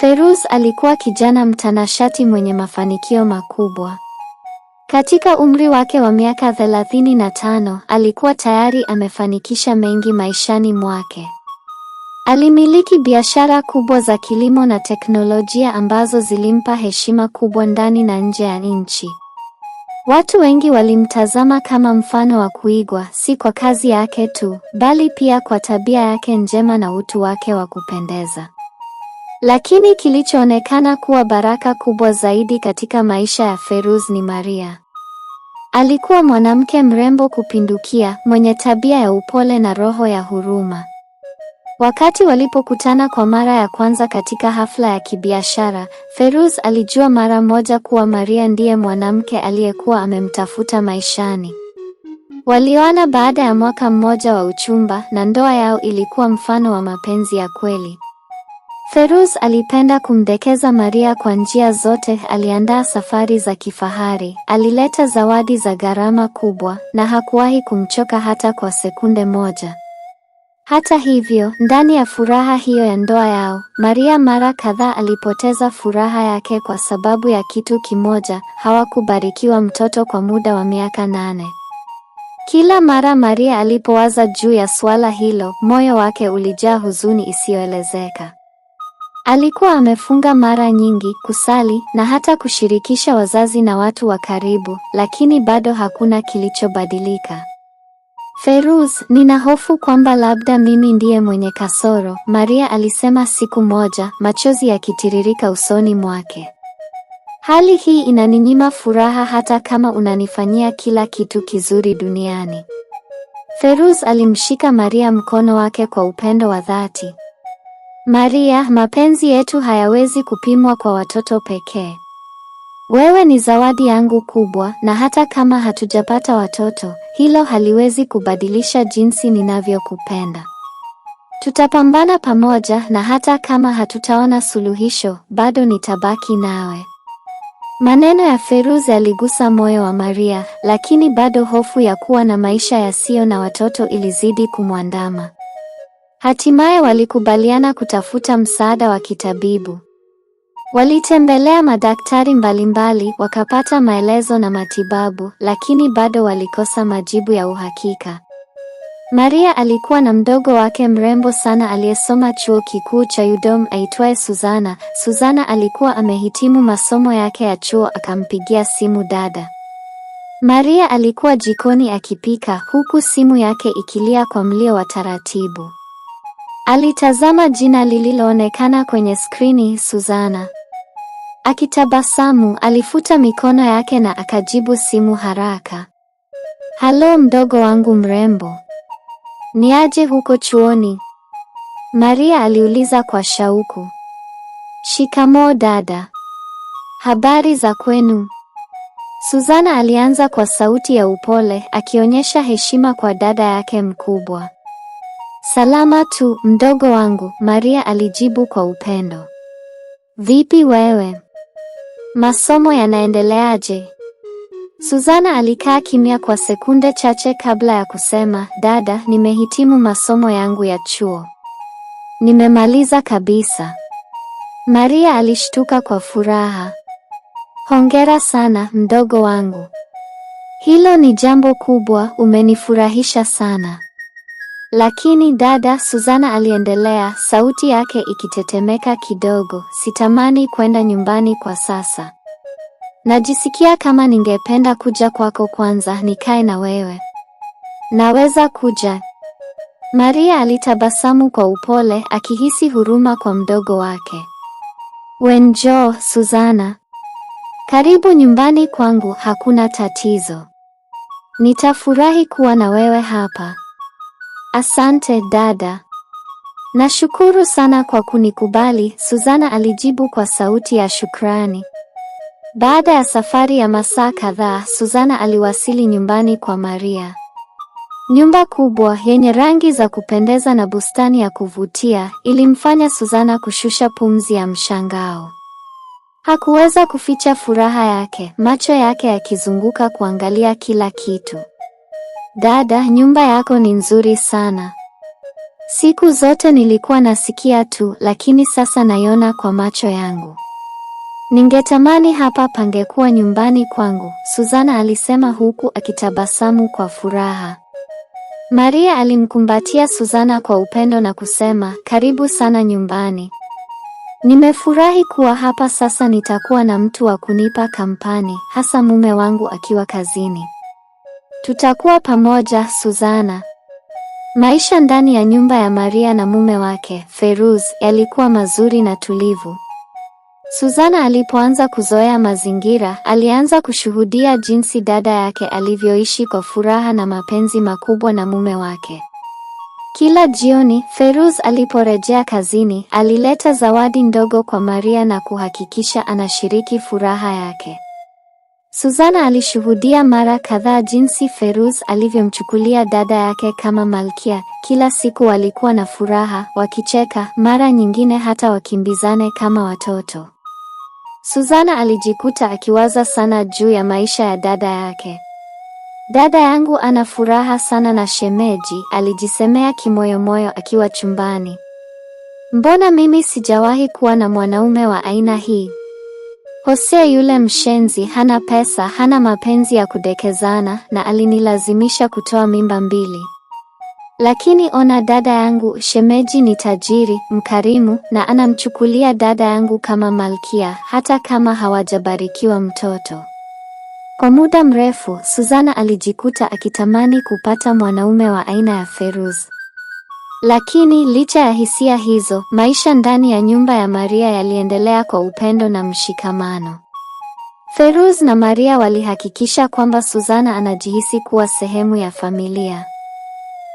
Ferus alikuwa kijana mtanashati mwenye mafanikio makubwa. Katika umri wake wa miaka 35, alikuwa tayari amefanikisha mengi maishani mwake. Alimiliki biashara kubwa za kilimo na teknolojia ambazo zilimpa heshima kubwa ndani na nje ya nchi. Watu wengi walimtazama kama mfano wa kuigwa, si kwa kazi yake tu, bali pia kwa tabia yake njema na utu wake wa kupendeza. Lakini kilichoonekana kuwa baraka kubwa zaidi katika maisha ya Feruz ni Maria. Alikuwa mwanamke mrembo kupindukia, mwenye tabia ya upole na roho ya huruma. Wakati walipokutana kwa mara ya kwanza katika hafla ya kibiashara, Feruz alijua mara moja kuwa Maria ndiye mwanamke aliyekuwa amemtafuta maishani. Walioana baada ya mwaka mmoja wa uchumba na ndoa yao ilikuwa mfano wa mapenzi ya kweli ferus alipenda kumdekeza Maria kwa njia zote. Aliandaa safari za kifahari, alileta zawadi za gharama kubwa, na hakuwahi kumchoka hata kwa sekunde moja. Hata hivyo, ndani ya furaha hiyo ya ndoa yao, Maria mara kadhaa alipoteza furaha yake kwa sababu ya kitu kimoja: hawakubarikiwa mtoto kwa muda wa miaka nane. Kila mara Maria alipowaza juu ya suala hilo, moyo wake ulijaa huzuni isiyoelezeka. Alikuwa amefunga mara nyingi, kusali na hata kushirikisha wazazi na watu wa karibu, lakini bado hakuna kilichobadilika. Feruz, nina hofu kwamba labda mimi ndiye mwenye kasoro, Maria alisema siku moja, machozi yakitiririka usoni mwake. Hali hii inaninyima furaha hata kama unanifanyia kila kitu kizuri duniani. Feruz alimshika Maria mkono wake kwa upendo wa dhati. Maria, mapenzi yetu hayawezi kupimwa kwa watoto pekee. Wewe ni zawadi yangu kubwa, na hata kama hatujapata watoto, hilo haliwezi kubadilisha jinsi ninavyokupenda. Tutapambana pamoja, na hata kama hatutaona suluhisho, bado nitabaki nawe. Maneno ya Feruz yaligusa moyo wa Maria, lakini bado hofu ya kuwa na maisha yasiyo na watoto ilizidi kumwandama. Hatimaye walikubaliana kutafuta msaada wa kitabibu. Walitembelea madaktari mbalimbali wakapata maelezo na matibabu, lakini bado walikosa majibu ya uhakika. Maria alikuwa na mdogo wake mrembo sana aliyesoma chuo kikuu cha UDOM aitwaye Suzana. Suzana alikuwa amehitimu masomo yake ya chuo akampigia simu dada. Maria alikuwa jikoni akipika huku simu yake ikilia kwa mlio wa taratibu. Alitazama jina lililoonekana kwenye skrini, Suzana. Akitabasamu, alifuta mikono yake na akajibu simu haraka. Halo mdogo wangu mrembo. Ni aje huko chuoni? Maria aliuliza kwa shauku. Shikamoo dada. Habari za kwenu? Suzana alianza kwa sauti ya upole, akionyesha heshima kwa dada yake mkubwa. Salama tu mdogo wangu, Maria alijibu kwa upendo. Vipi wewe? Masomo yanaendeleaje? Suzana alikaa kimya kwa sekunde chache kabla ya kusema, "Dada, nimehitimu masomo yangu ya chuo. Nimemaliza kabisa." Maria alishtuka kwa furaha. Hongera sana mdogo wangu. Hilo ni jambo kubwa, umenifurahisha sana. Lakini dada, Suzana aliendelea, sauti yake ikitetemeka kidogo, sitamani kwenda nyumbani kwa sasa. Najisikia kama ningependa kuja kwako kwanza, nikae na wewe. Naweza kuja? Maria alitabasamu kwa upole, akihisi huruma kwa mdogo wake. Wenjo, Suzana. Karibu nyumbani kwangu, hakuna tatizo. Nitafurahi kuwa na wewe hapa. Asante dada. Nashukuru sana kwa kunikubali, Suzana alijibu kwa sauti ya shukrani. Baada ya safari ya masaa kadhaa, Suzana aliwasili nyumbani kwa Maria. Nyumba kubwa yenye rangi za kupendeza na bustani ya kuvutia ilimfanya Suzana kushusha pumzi ya mshangao. Hakuweza kuficha furaha yake, macho yake yakizunguka kuangalia kila kitu. Dada, nyumba yako ni nzuri sana. Siku zote nilikuwa nasikia tu, lakini sasa naiona kwa macho yangu. Ningetamani hapa pangekuwa nyumbani kwangu, Suzana alisema huku akitabasamu kwa furaha. Maria alimkumbatia Suzana kwa upendo na kusema, karibu sana nyumbani. Nimefurahi kuwa hapa sasa, nitakuwa na mtu wa kunipa kampani, hasa mume wangu akiwa kazini. Tutakuwa pamoja Suzana. Maisha ndani ya nyumba ya Maria na mume wake, Feruz, yalikuwa mazuri na tulivu. Suzana alipoanza kuzoea mazingira, alianza kushuhudia jinsi dada yake alivyoishi kwa furaha na mapenzi makubwa na mume wake. Kila jioni, Feruz aliporejea kazini, alileta zawadi ndogo kwa Maria na kuhakikisha anashiriki furaha yake. Suzana alishuhudia mara kadhaa jinsi Feruz alivyomchukulia dada yake kama malkia. Kila siku walikuwa na furaha, wakicheka, mara nyingine hata wakimbizane kama watoto. Suzana alijikuta akiwaza sana juu ya maisha ya dada yake. Dada yangu ana furaha sana na shemeji, alijisemea kimoyomoyo akiwa chumbani. Mbona mimi sijawahi kuwa na mwanaume wa aina hii? Hosea yule mshenzi hana pesa, hana mapenzi ya kudekezana na alinilazimisha kutoa mimba mbili. Lakini ona, dada yangu shemeji ni tajiri, mkarimu na anamchukulia dada yangu kama malkia hata kama hawajabarikiwa mtoto. Kwa muda mrefu Suzana alijikuta akitamani kupata mwanaume wa aina ya Feruz. Lakini licha ya hisia hizo, maisha ndani ya nyumba ya Maria yaliendelea kwa upendo na mshikamano. Feruz na Maria walihakikisha kwamba Suzana anajihisi kuwa sehemu ya familia.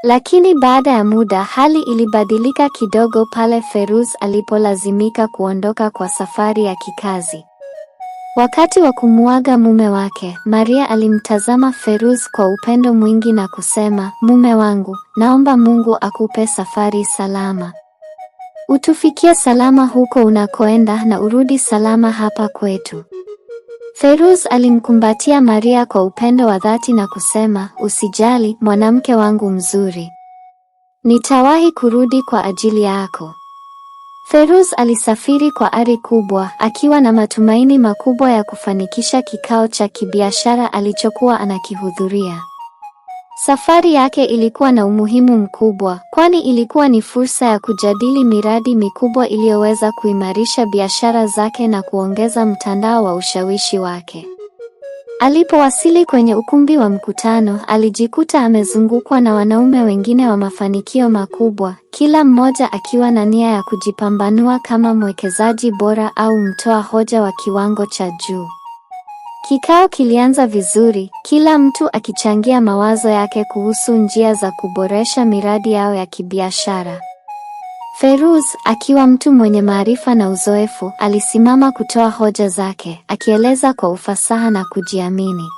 Lakini baada ya muda hali ilibadilika kidogo pale Feruz alipolazimika kuondoka kwa safari ya kikazi. Wakati wa kumuaga mume wake, Maria alimtazama Feruz kwa upendo mwingi na kusema, mume wangu, naomba Mungu akupe safari salama. Utufikie salama huko unakoenda na urudi salama hapa kwetu. Feruz alimkumbatia Maria kwa upendo wa dhati na kusema, usijali mwanamke wangu mzuri. Nitawahi kurudi kwa ajili yako. Feruz alisafiri kwa ari kubwa akiwa na matumaini makubwa ya kufanikisha kikao cha kibiashara alichokuwa anakihudhuria. Safari yake ilikuwa na umuhimu mkubwa kwani ilikuwa ni fursa ya kujadili miradi mikubwa iliyoweza kuimarisha biashara zake na kuongeza mtandao wa ushawishi wake. Alipowasili kwenye ukumbi wa mkutano, alijikuta amezungukwa na wanaume wengine wa mafanikio makubwa, kila mmoja akiwa na nia ya kujipambanua kama mwekezaji bora au mtoa hoja wa kiwango cha juu. Kikao kilianza vizuri, kila mtu akichangia mawazo yake kuhusu njia za kuboresha miradi yao ya kibiashara. Feruz akiwa mtu mwenye maarifa na uzoefu, alisimama kutoa hoja zake, akieleza kwa ufasaha na kujiamini.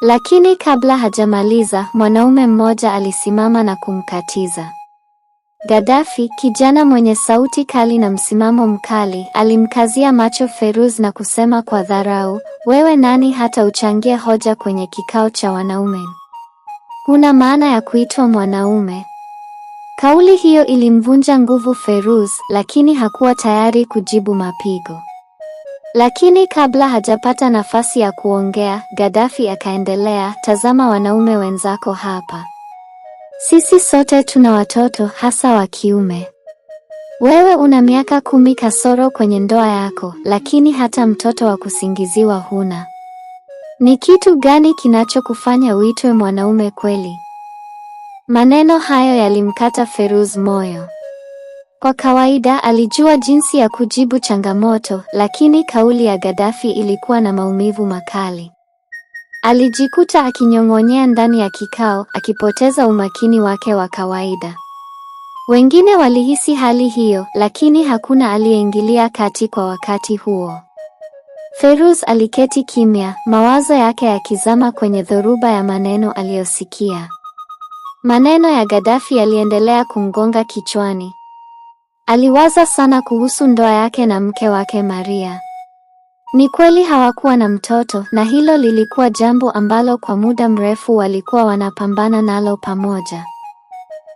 Lakini kabla hajamaliza, mwanaume mmoja alisimama na kumkatiza. Gaddafi, kijana mwenye sauti kali na msimamo mkali, alimkazia macho Feruz na kusema kwa dharau, wewe nani hata uchangie hoja kwenye kikao cha wanaume? Huna maana ya kuitwa mwanaume. Kauli hiyo ilimvunja nguvu Feruz, lakini hakuwa tayari kujibu mapigo. Lakini kabla hajapata nafasi ya kuongea, Gaddafi akaendelea, tazama wanaume wenzako hapa. Sisi sote tuna watoto hasa wa kiume. Wewe una miaka kumi kasoro kwenye ndoa yako, lakini hata mtoto wa kusingiziwa huna. Ni kitu gani kinachokufanya uitwe mwanaume kweli? Maneno hayo yalimkata Feruz moyo. Kwa kawaida alijua jinsi ya kujibu changamoto, lakini kauli ya Gaddafi ilikuwa na maumivu makali. Alijikuta akinyong'onyea ndani ya kikao, akipoteza umakini wake wa kawaida. Wengine walihisi hali hiyo, lakini hakuna aliyeingilia kati kwa wakati huo. Feruz aliketi kimya, mawazo yake yakizama kwenye dhoruba ya maneno aliyosikia. Maneno ya Gaddafi yaliendelea kumgonga kichwani. Aliwaza sana kuhusu ndoa yake na mke wake Maria. Ni kweli hawakuwa na mtoto na hilo lilikuwa jambo ambalo kwa muda mrefu walikuwa wanapambana nalo pamoja.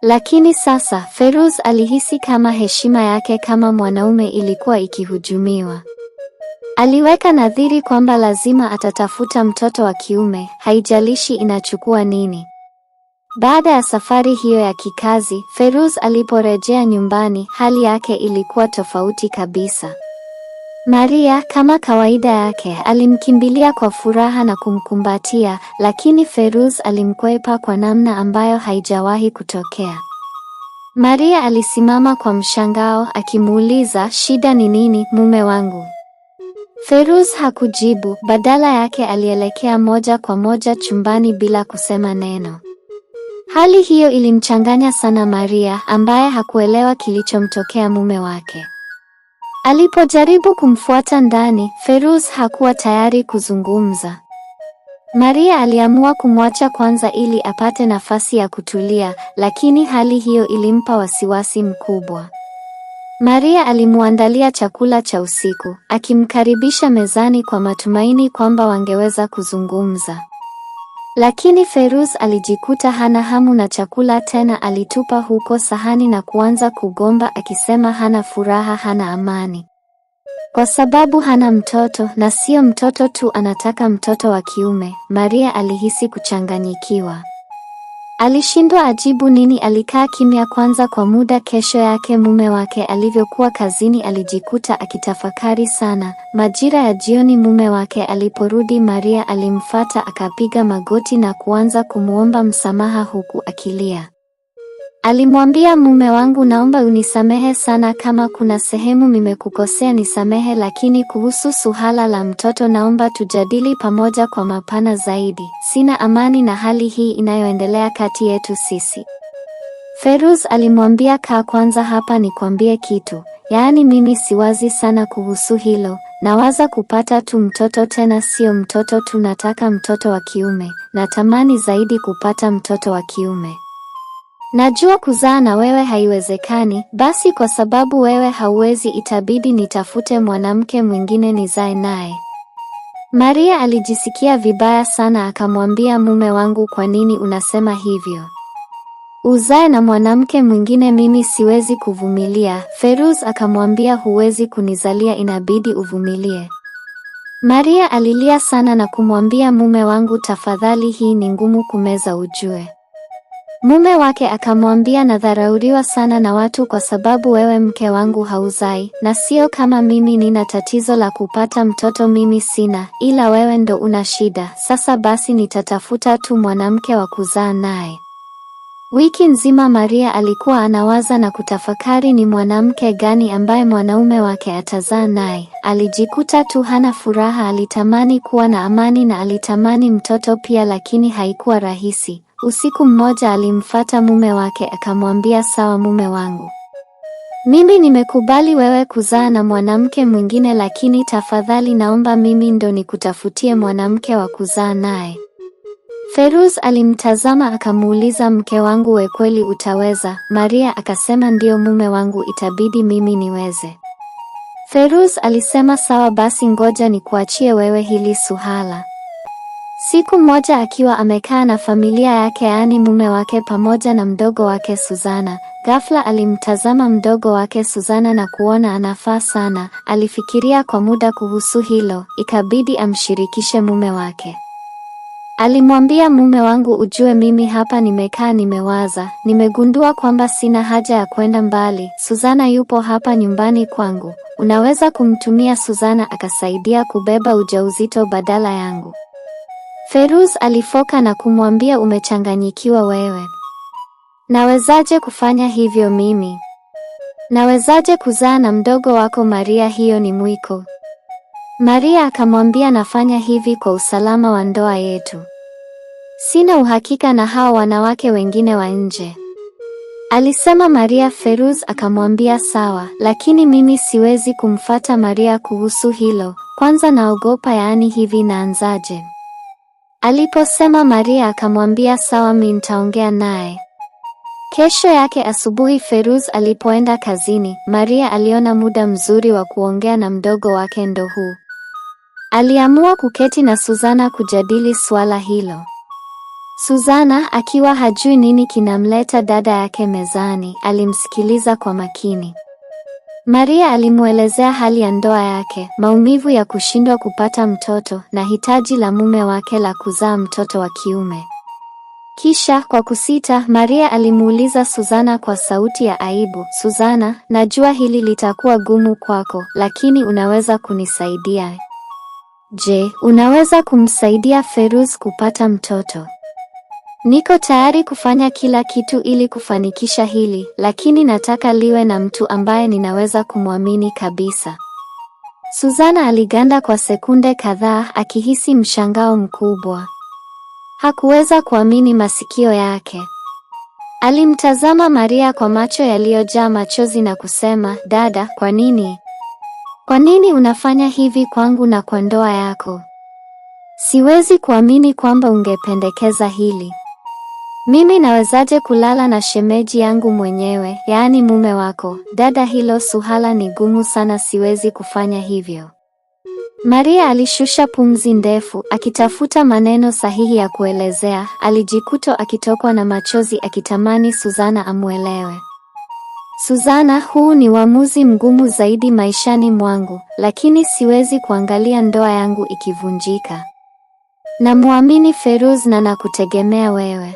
Lakini sasa Feruz alihisi kama heshima yake kama mwanaume ilikuwa ikihujumiwa. Aliweka nadhiri kwamba lazima atatafuta mtoto wa kiume, haijalishi inachukua nini. Baada ya safari hiyo ya kikazi, Feruz aliporejea nyumbani, hali yake ilikuwa tofauti kabisa. Maria kama kawaida yake alimkimbilia kwa furaha na kumkumbatia, lakini Feruz alimkwepa kwa namna ambayo haijawahi kutokea. Maria alisimama kwa mshangao akimuuliza, shida ni nini mume wangu? Feruz hakujibu, badala yake alielekea moja kwa moja chumbani bila kusema neno. Hali hiyo ilimchanganya sana Maria ambaye hakuelewa kilichomtokea mume wake. Alipojaribu kumfuata ndani, Feruz hakuwa tayari kuzungumza. Maria aliamua kumwacha kwanza ili apate nafasi ya kutulia, lakini hali hiyo ilimpa wasiwasi mkubwa. Maria alimuandalia chakula cha usiku, akimkaribisha mezani kwa matumaini kwamba wangeweza kuzungumza. Lakini Ferus alijikuta hana hamu na chakula tena. Alitupa huko sahani na kuanza kugomba akisema hana furaha, hana amani, kwa sababu hana mtoto, na sio mtoto tu, anataka mtoto wa kiume. Maria alihisi kuchanganyikiwa. Alishindwa ajibu nini. Alikaa kimya kwanza kwa muda. Kesho yake mume wake alivyokuwa kazini, alijikuta akitafakari sana. Majira ya jioni mume wake aliporudi, Maria alimfata akapiga magoti na kuanza kumwomba msamaha huku akilia. Alimwambia mume wangu, naomba unisamehe sana kama kuna sehemu nimekukosea nisamehe, lakini kuhusu suhala la mtoto naomba tujadili pamoja kwa mapana zaidi. Sina amani na hali hii inayoendelea kati yetu sisi. Feruz alimwambia, kaa kwanza hapa nikwambie kitu, yaani mimi siwazi sana kuhusu hilo nawaza kupata tu mtoto, tena sio mtoto tu, nataka mtoto wa kiume. Natamani zaidi kupata mtoto wa kiume. Najua kuzaa na wewe haiwezekani, basi kwa sababu wewe hauwezi, itabidi nitafute mwanamke mwingine nizae naye. Maria alijisikia vibaya sana, akamwambia mume wangu, kwa nini unasema hivyo? Uzae na mwanamke mwingine, mimi siwezi kuvumilia. Feruz akamwambia huwezi kunizalia, inabidi uvumilie. Maria alilia sana na kumwambia mume wangu, tafadhali, hii ni ngumu kumeza, ujue. Mume wake akamwambia, nadharauliwa sana na watu kwa sababu wewe mke wangu hauzai, na sio kama mimi nina tatizo la kupata mtoto. Mimi sina, ila wewe ndo una shida. Sasa basi nitatafuta tu mwanamke wa kuzaa naye. Wiki nzima Maria alikuwa anawaza na kutafakari ni mwanamke gani ambaye mwanaume wake atazaa naye. Alijikuta tu hana furaha, alitamani kuwa na amani na alitamani mtoto pia, lakini haikuwa rahisi. Usiku mmoja alimfata mume wake akamwambia, sawa mume wangu, mimi nimekubali wewe kuzaa na mwanamke mwingine, lakini tafadhali naomba mimi ndo nikutafutie mwanamke wa kuzaa naye. Feruz alimtazama akamuuliza, mke wangu, we kweli utaweza? Maria akasema, ndiyo mume wangu, itabidi mimi niweze. Feruz alisema, sawa basi, ngoja nikuachie wewe hili suhala. Siku moja akiwa amekaa na familia yake, yaani mume wake pamoja na mdogo wake Suzana, ghafla alimtazama mdogo wake Suzana na kuona anafaa sana. Alifikiria kwa muda kuhusu hilo, ikabidi amshirikishe mume wake. Alimwambia, mume wangu, ujue mimi hapa nimekaa nimewaza, nimegundua kwamba sina haja ya kwenda mbali. Suzana yupo hapa nyumbani kwangu, unaweza kumtumia Suzana akasaidia kubeba ujauzito badala yangu. Feruz alifoka na kumwambia umechanganyikiwa wewe. Nawezaje kufanya hivyo mimi? Nawezaje kuzaa na mdogo wako Maria hiyo ni mwiko. Maria akamwambia nafanya hivi kwa usalama wa ndoa yetu. Sina uhakika na hao wanawake wengine wa nje. Alisema Maria Feruz akamwambia sawa, lakini mimi siwezi kumfata Maria kuhusu hilo. Kwanza naogopa yaani hivi naanzaje? Aliposema Maria akamwambia sawa, mimi nitaongea naye. Kesho yake asubuhi Feruz alipoenda kazini, Maria aliona muda mzuri wa kuongea na mdogo wake ndo huu. Aliamua kuketi na Suzana kujadili suala hilo. Suzana akiwa hajui nini kinamleta dada yake mezani, alimsikiliza kwa makini. Maria alimwelezea hali ya ndoa yake, maumivu ya kushindwa kupata mtoto na hitaji la mume wake la kuzaa mtoto wa kiume. Kisha kwa kusita, Maria alimuuliza Suzana kwa sauti ya aibu, "Suzana, najua hili litakuwa gumu kwako, lakini unaweza kunisaidia? Je, unaweza kumsaidia Feruz kupata mtoto?" Niko tayari kufanya kila kitu ili kufanikisha hili, lakini nataka liwe na mtu ambaye ninaweza kumwamini kabisa. Suzana aliganda kwa sekunde kadhaa akihisi mshangao mkubwa. Hakuweza kuamini masikio yake. Alimtazama Maria kwa macho yaliyojaa machozi na kusema, "Dada, kwa nini? Kwa nini unafanya hivi kwangu na kwa ndoa yako? Siwezi kuamini kwamba ungependekeza hili." Mimi nawezaje kulala na shemeji yangu mwenyewe, yaani mume wako? Dada, hilo suhala ni gumu sana, siwezi kufanya hivyo. Maria alishusha pumzi ndefu akitafuta maneno sahihi ya kuelezea. Alijikuta akitokwa na machozi akitamani Suzana amwelewe. Suzana, huu ni uamuzi mgumu zaidi maishani mwangu, lakini siwezi kuangalia ndoa yangu ikivunjika. Namwamini Feruz na nakutegemea wewe.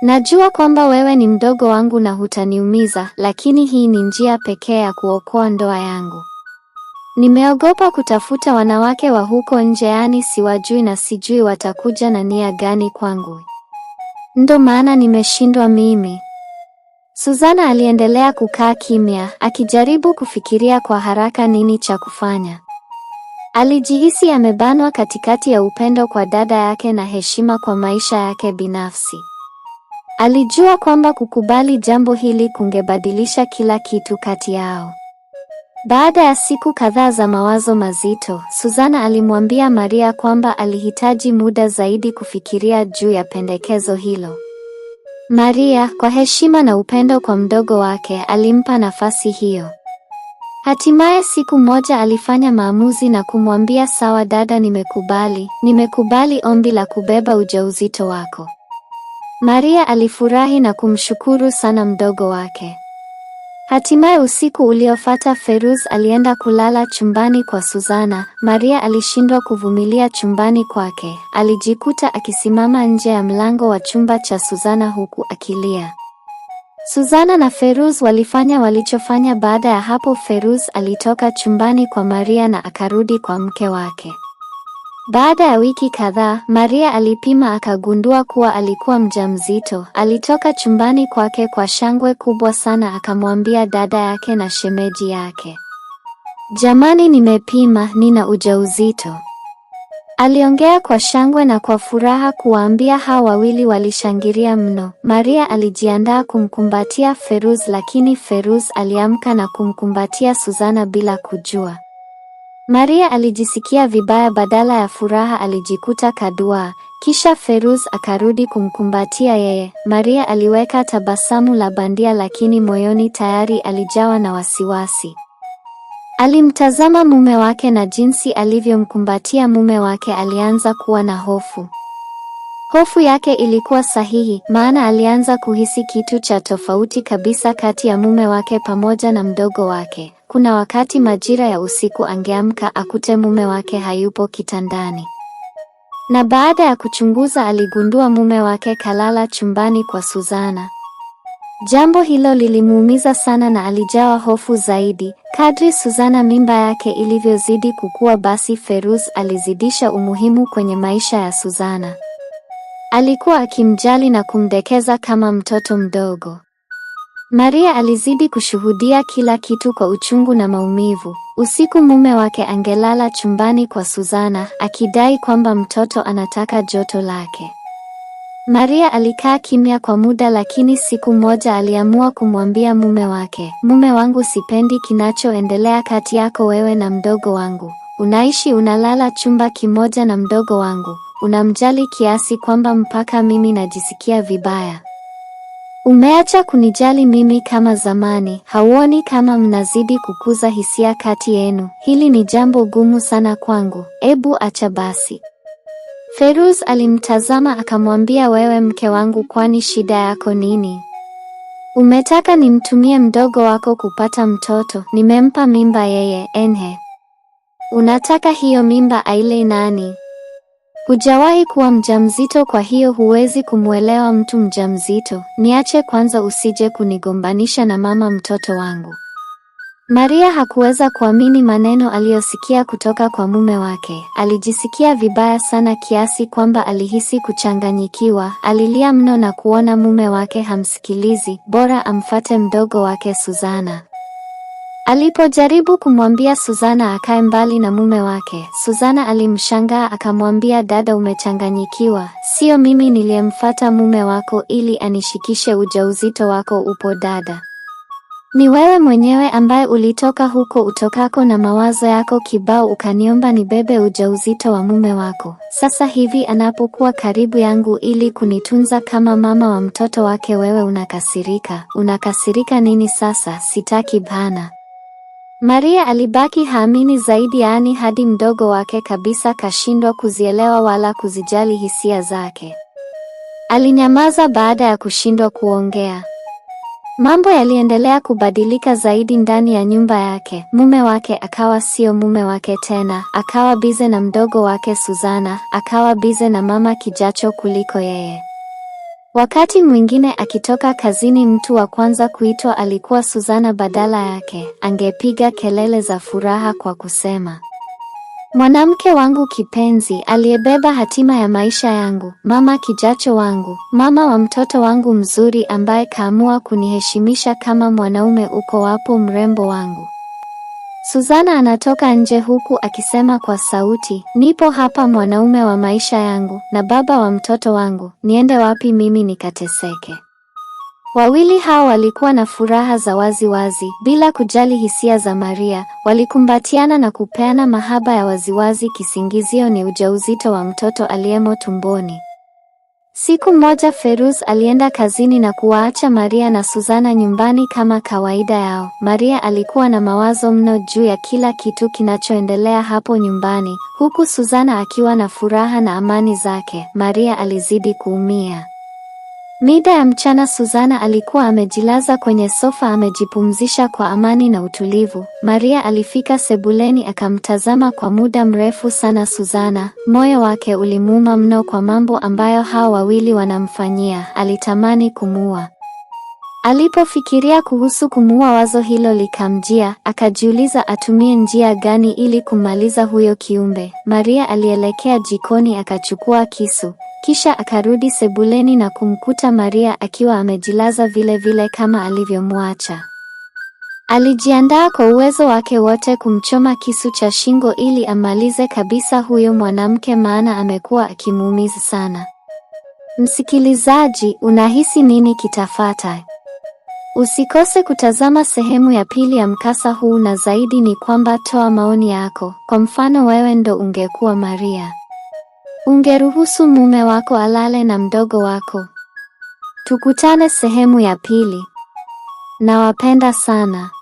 Najua kwamba wewe ni mdogo wangu na hutaniumiza, lakini hii ni njia pekee ya kuokoa ndoa yangu. Nimeogopa kutafuta wanawake wa huko nje, yaani siwajui na sijui watakuja na nia gani kwangu. Ndo maana nimeshindwa mimi. Suzana aliendelea kukaa kimya, akijaribu kufikiria kwa haraka nini cha kufanya. Alijihisi amebanwa katikati ya upendo kwa dada yake na heshima kwa maisha yake binafsi. Alijua kwamba kukubali jambo hili kungebadilisha kila kitu kati yao. Baada ya siku kadhaa za mawazo mazito, Suzana alimwambia Maria kwamba alihitaji muda zaidi kufikiria juu ya pendekezo hilo. Maria, kwa heshima na upendo kwa mdogo wake, alimpa nafasi hiyo. Hatimaye siku moja alifanya maamuzi na kumwambia sawa dada, nimekubali, nimekubali ombi la kubeba ujauzito wako. Maria alifurahi na kumshukuru sana mdogo wake. Hatimaye usiku uliofuata, Feruz alienda kulala chumbani kwa Suzana. Maria alishindwa kuvumilia chumbani kwake. Alijikuta akisimama nje ya mlango wa chumba cha Suzana huku akilia. Suzana na Feruz walifanya walichofanya. Baada ya hapo, Feruz alitoka chumbani kwa Maria na akarudi kwa mke wake. Baada ya wiki kadhaa, Maria alipima akagundua kuwa alikuwa mjamzito. Alitoka chumbani kwake kwa shangwe kubwa sana akamwambia dada yake na shemeji yake. Jamani, nimepima nina ujauzito. Aliongea kwa shangwe na kwa furaha kuwaambia. Hawa wawili walishangilia mno. Maria alijiandaa kumkumbatia Feruz, lakini Feruz aliamka na kumkumbatia Suzana bila kujua. Maria alijisikia vibaya, badala ya furaha alijikuta kaduaa. Kisha Feruz akarudi kumkumbatia yeye. Maria aliweka tabasamu la bandia, lakini moyoni tayari alijawa na wasiwasi. Alimtazama mume wake na jinsi alivyomkumbatia mume wake, alianza kuwa na hofu. Hofu yake ilikuwa sahihi, maana alianza kuhisi kitu cha tofauti kabisa kati ya mume wake pamoja na mdogo wake. Kuna wakati majira ya usiku angeamka akute mume wake hayupo kitandani, na baada ya kuchunguza aligundua mume wake kalala chumbani kwa Suzana. Jambo hilo lilimuumiza sana na alijawa hofu zaidi. Kadri Suzana mimba yake ilivyozidi kukua, basi Feruz alizidisha umuhimu kwenye maisha ya Suzana. Alikuwa akimjali na kumdekeza kama mtoto mdogo. Maria alizidi kushuhudia kila kitu kwa uchungu na maumivu. Usiku mume wake angelala chumbani kwa Suzana akidai kwamba mtoto anataka joto lake. Maria alikaa kimya kwa muda lakini siku moja aliamua kumwambia mume wake, "Mume wangu, sipendi kinachoendelea kati yako wewe na mdogo wangu. Unaishi unalala chumba kimoja na mdogo wangu. Unamjali kiasi kwamba mpaka mimi najisikia vibaya." Umeacha kunijali mimi kama zamani. Hauoni kama mnazidi kukuza hisia kati yenu? Hili ni jambo gumu sana kwangu. Ebu acha basi. Feruz alimtazama akamwambia, wewe mke wangu, kwani shida yako nini? Umetaka nimtumie mdogo wako kupata mtoto? Nimempa mimba yeye. Enhe, unataka hiyo mimba aile nani? Hujawahi kuwa mjamzito, kwa hiyo huwezi kumwelewa mtu mjamzito. Niache kwanza, usije kunigombanisha na mama mtoto wangu. Maria hakuweza kuamini maneno aliyosikia kutoka kwa mume wake. Alijisikia vibaya sana kiasi kwamba alihisi kuchanganyikiwa. Alilia mno na kuona mume wake hamsikilizi, bora amfate mdogo wake Suzana. Alipojaribu kumwambia Suzana akae mbali na mume wake, Suzana alimshangaa akamwambia, dada, umechanganyikiwa, sio mimi niliyemfata mume wako ili anishikishe ujauzito wako upo dada. Ni wewe mwenyewe ambaye ulitoka huko utokako na mawazo yako kibao ukaniomba nibebe ujauzito wa mume wako. Sasa hivi anapokuwa karibu yangu ili kunitunza kama mama wa mtoto wake, wewe unakasirika. Unakasirika nini sasa? Sitaki bana. Maria alibaki haamini zaidi yaani hadi mdogo wake kabisa kashindwa kuzielewa wala kuzijali hisia zake. Alinyamaza baada ya kushindwa kuongea. Mambo yaliendelea kubadilika zaidi ndani ya nyumba yake. Mume wake akawa sio mume wake tena, akawa bize na mdogo wake Suzana, akawa bize na mama Kijacho kuliko yeye. Wakati mwingine akitoka kazini mtu wa kwanza kuitwa alikuwa Suzana badala yake, angepiga kelele za furaha kwa kusema, Mwanamke wangu kipenzi aliyebeba hatima ya maisha yangu, mama kijacho wangu, mama wa mtoto wangu mzuri ambaye kaamua kuniheshimisha kama mwanaume uko wapo mrembo wangu. Suzana anatoka nje huku akisema kwa sauti, nipo hapa mwanaume wa maisha yangu na baba wa mtoto wangu, niende wapi mimi nikateseke? Wawili hao walikuwa na furaha za wazi wazi, bila kujali hisia za Maria, walikumbatiana na kupeana mahaba ya waziwazi, kisingizio ni ujauzito wa mtoto aliyemo tumboni. Siku moja Feruz alienda kazini na kuwaacha Maria na Suzana nyumbani kama kawaida yao. Maria alikuwa na mawazo mno juu ya kila kitu kinachoendelea hapo nyumbani, huku Suzana akiwa na furaha na amani zake. Maria alizidi kuumia. Mida ya mchana Suzana alikuwa amejilaza kwenye sofa amejipumzisha kwa amani na utulivu. Maria alifika sebuleni akamtazama kwa muda mrefu sana Suzana. Moyo wake ulimuuma mno kwa mambo ambayo hao wawili wanamfanyia. Alitamani kumua. Alipofikiria kuhusu kumuua, wazo hilo likamjia, akajiuliza atumie njia gani ili kumaliza huyo kiumbe. Maria alielekea jikoni akachukua kisu, kisha akarudi sebuleni na kumkuta Maria akiwa amejilaza vile vile kama alivyomwacha. Alijiandaa kwa uwezo wake wote kumchoma kisu cha shingo ili amalize kabisa huyo mwanamke, maana amekuwa akimuumiza sana. Msikilizaji, unahisi nini kitafata? Usikose kutazama sehemu ya pili ya mkasa huu na zaidi ni kwamba toa maoni yako. Kwa mfano, wewe ndo ungekuwa Maria, ungeruhusu mume wako alale na mdogo wako? Tukutane sehemu ya pili. Nawapenda sana.